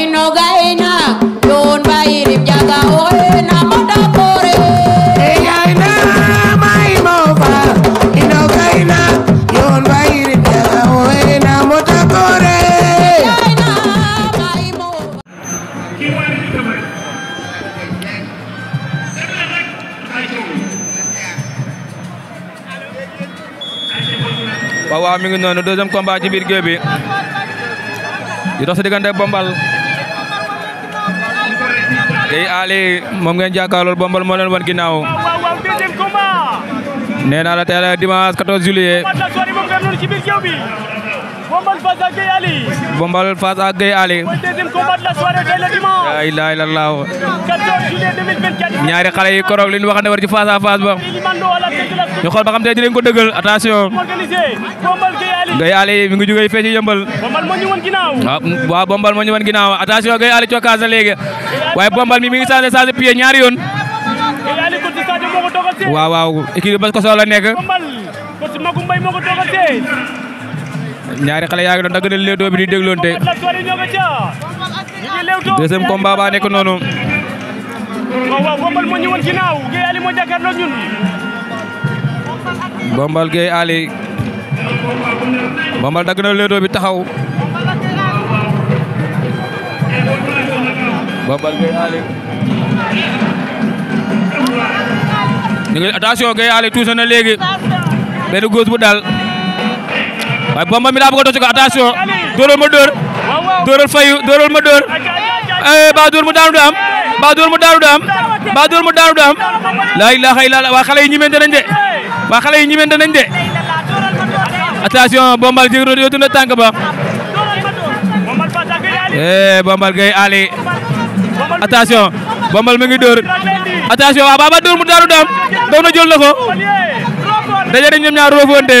inoga ina yon ba irip jaga oe na mama waaw waaw mi ngi noonu deuxième combat ci biir géew bi di dox si diggante Bombal Gueye Ali moom ngeen jàkkaarlool Bombal moo leen wan ginnaaw nee naa la tey la dimanche juillet Bombal face à Gueye Bombal face à Gueye Ali. mooy deuxième la la ilaha illallah. 14 juillet 2024. ñaari xale yi li ñu wax war ci face à ba. ñu xool ba xam te dinañ ko dëggal attention. Gueye Ali mi ngi jógee fee ci yëmbal. Bombal moo ñu wan ginnaaw. Ah, waaw Bombal moo wan ginnaaw attention Gueye Ali cokkaas na léegi. waaye Bombal mi ngi changé changé pied ñaari yoon. waaw waaw équipe bi bas ko nekk. ñaari xale yaa ngi doon dagg na leewtoo bi di dégloonte deuxième combat baa nekk noonu waaw Bombal moo ñëwoon ginnaaw Gueye Ali moo jàkkaarloo ñun Bombal Gueye Ali Bombal dagg na taxaw Bombal Gueye Ali ñu ngi Ali tuus na léegi benn góos bu daal waaye bomba mi daa bëgg a doon ci ma dóor dóoral fayu dóoral ma dóor ba eh, dóor ba dóor mu daanu du ba dóor mu daanu du laa ilaaha illallaah waa xale yi ñimente nañ de waa xale yi bombal jéggi doon yóotu ba eh bombal gay ali attention bombal mi ngi dóor attention waa ba daanu du am daw na jël na ko ñaar roofoonte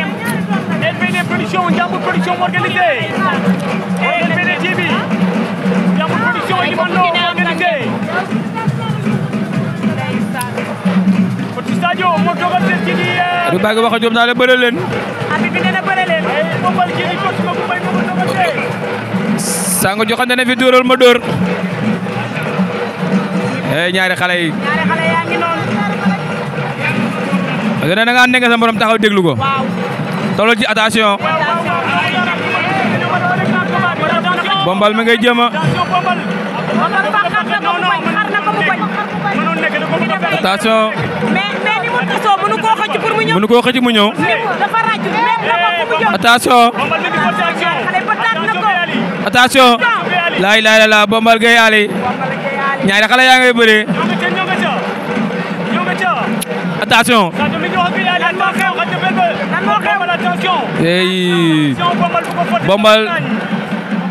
production organisé xoolal PDG bi Ndiambour production yi man loo organisé. Petit Sadio moo dogal seen ci di. Aliou Ba nga wax ak ñoom naa leen bëre leen. Habib bi nee na bëre leen. boppal ci di coach ma bu may bëgg dogal see. Sango joxante na fi dóoral ma dóor. eh ñaari xale yi. ñaari xale yaa ngi noonu. parce que nee na nga ànd nga sa borom taxaw déglu ko. waaw tolloo ci attention. bombal mi ngay jéema attention mënu koo xëcc mu ñëw attention attention laay laay la la bombal gay ali ñaari xale yaa ngay bëre attention bombal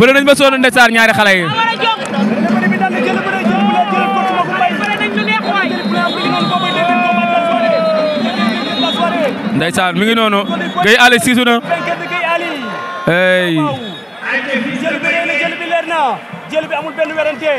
bëri nañ ba sonn ndeysaan ñaari xale yi ndeysaan mi ngi noonu Gueye Ali siisu na hey jël bi leer na jël bi amul benn werante